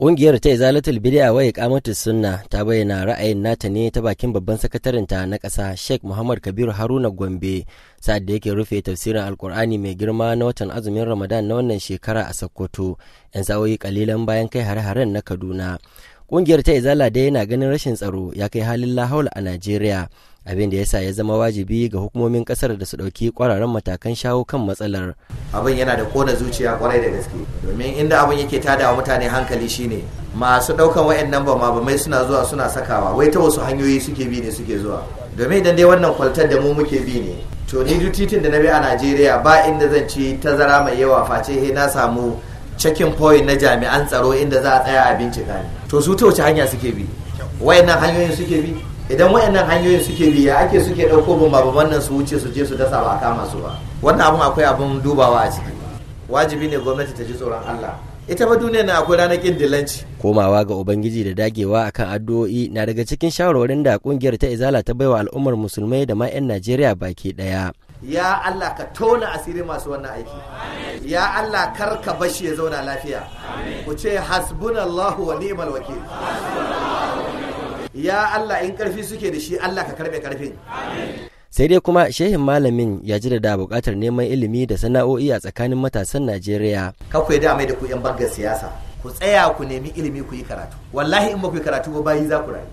Ƙungiyar ta Izalatul Bid'a wa Iqamatus Sunna ta bayyana ra'ayin nata ne ta bakin babban ta na ƙasa Sheikh Muhammad Kabiru Haruna Gombe sa'ad da yake rufe tafsirin Alƙur'ani mai girma na watan azumin Ramadan na wannan shekara a Sokoto 'yan sa'o'i kalilan bayan kai hare-haren na Kaduna. Ƙungiyar ta Izala dai yana ganin rashin tsaro ya kai halin lahaul a Najeriya abin da ya sa ya zama wajibi ga hukumomin kasar da su ɗauki kwararan matakan shawo kan matsalar abin yana da kona zuciya kwarai da gaske domin inda abin yake tada wa mutane hankali shine masu ɗaukan wayannan ba mai suna zuwa suna sakawa wai ta wasu hanyoyi suke bi ne suke zuwa domin idan dai wannan kwaltar da mu muke bi ne to ni duk titin da na bi a najeriya ba inda zan ci tazara mai yawa face he na samu checking point na jami'an tsaro inda za a tsaya a bincika ne to su ta wace hanya suke bi wayannan hanyoyin suke bi idan wayannan hanyoyin suke bi biya ake suke ɗauko babban nan su wuce su je su dasa ba kama su ba wannan abun akwai abun dubawa a ciki wajibi ne gwamnati ta ji tsoron Allah ita ba duniya na akwai ranakin dilanci komawa ga ubangiji da dagewa akan addu'o'i na daga cikin shawarwarin da kungiyar ta izala ta baiwa al'ummar musulmai da ma 'yan najeriya baki daya ya Allah ka tona asiri masu wannan aiki ya Allah kar ka bashi ya zauna lafiya ku ce hasbunallahu wa ni'mal wakil ya Allah in karfi suke da shi Allah ka karbe karfin sai dai kuma shehin malamin ya ji da da buƙatar neman ilimi da sana'o'i a tsakanin matasan Najeriya ku da mai da ku yan bangar siyasa ku tsaya ku nemi ilimi ku yi karatu wallahi in ba ku yi karatu ba bayi za ku rayu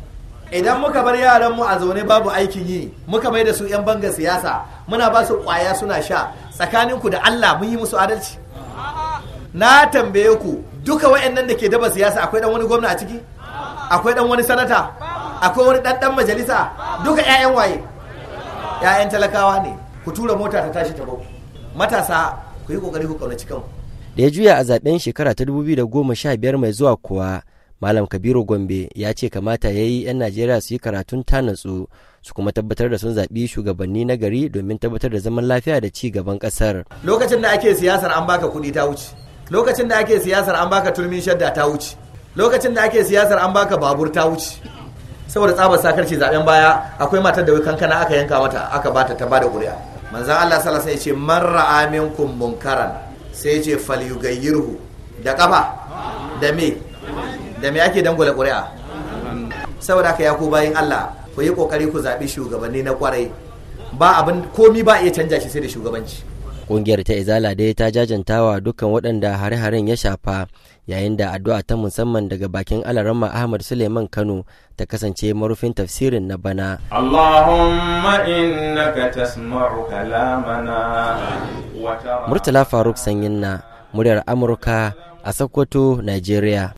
idan muka bar yaran mu a zaune babu aikin yi muka mai da su yan bangar siyasa muna ba su kwaya suna sha tsakanin ku da Allah mun yi musu adalci na tambaye ku duka wa'annan da ke daba siyasa akwai dan wani gwamna a ciki akwai dan wani sanata akwai wani ɗanɗan majalisa duka 'ya'yan waye 'ya'yan talakawa ne ku tura mota ta tashi ta matasa ku yi ƙoƙari ku ƙaunaci kanku da ya juya a zaben shekara ta 2015 mai zuwa kuwa malam kabiru gombe ya ce kamata ya yi 'yan najeriya su yi karatun tanatsu su kuma tabbatar da sun zaɓi shugabanni na gari domin tabbatar da zaman lafiya da ci gaban ƙasar lokacin da ake siyasar an baka kuɗi ta wuce lokacin da ake siyasar an baka turmin shadda ta wuce lokacin da ake siyasar an baka babur ta wuce saboda tsabar sakarci zaben baya akwai matar da wai kankana aka yanka mata aka bata ta bada ƙuri'a manzo Allah sallallahu alaihi wasallam ya ce man ra'a minkum munkaran sai ce falyughayyirhu da kafa da me da me ake dangula ƙuri'a saboda ka ya bayin Allah ku yi kokari ku zaɓi shugabanni na kwarai ba abin komi ba iya canja shi sai da shugabanci Ƙungiyar ta Izala dai ta jajantawa dukkan waɗanda hare-haren ya shafa yayin da addu'a ta musamman daga bakin alarama Ahmad Suleiman Kano ta kasance marufin tafsirin na bana. Allahumma kalamana. Murtala Faruk Sanyin na muryar Amurka a Sokoto, Nigeria.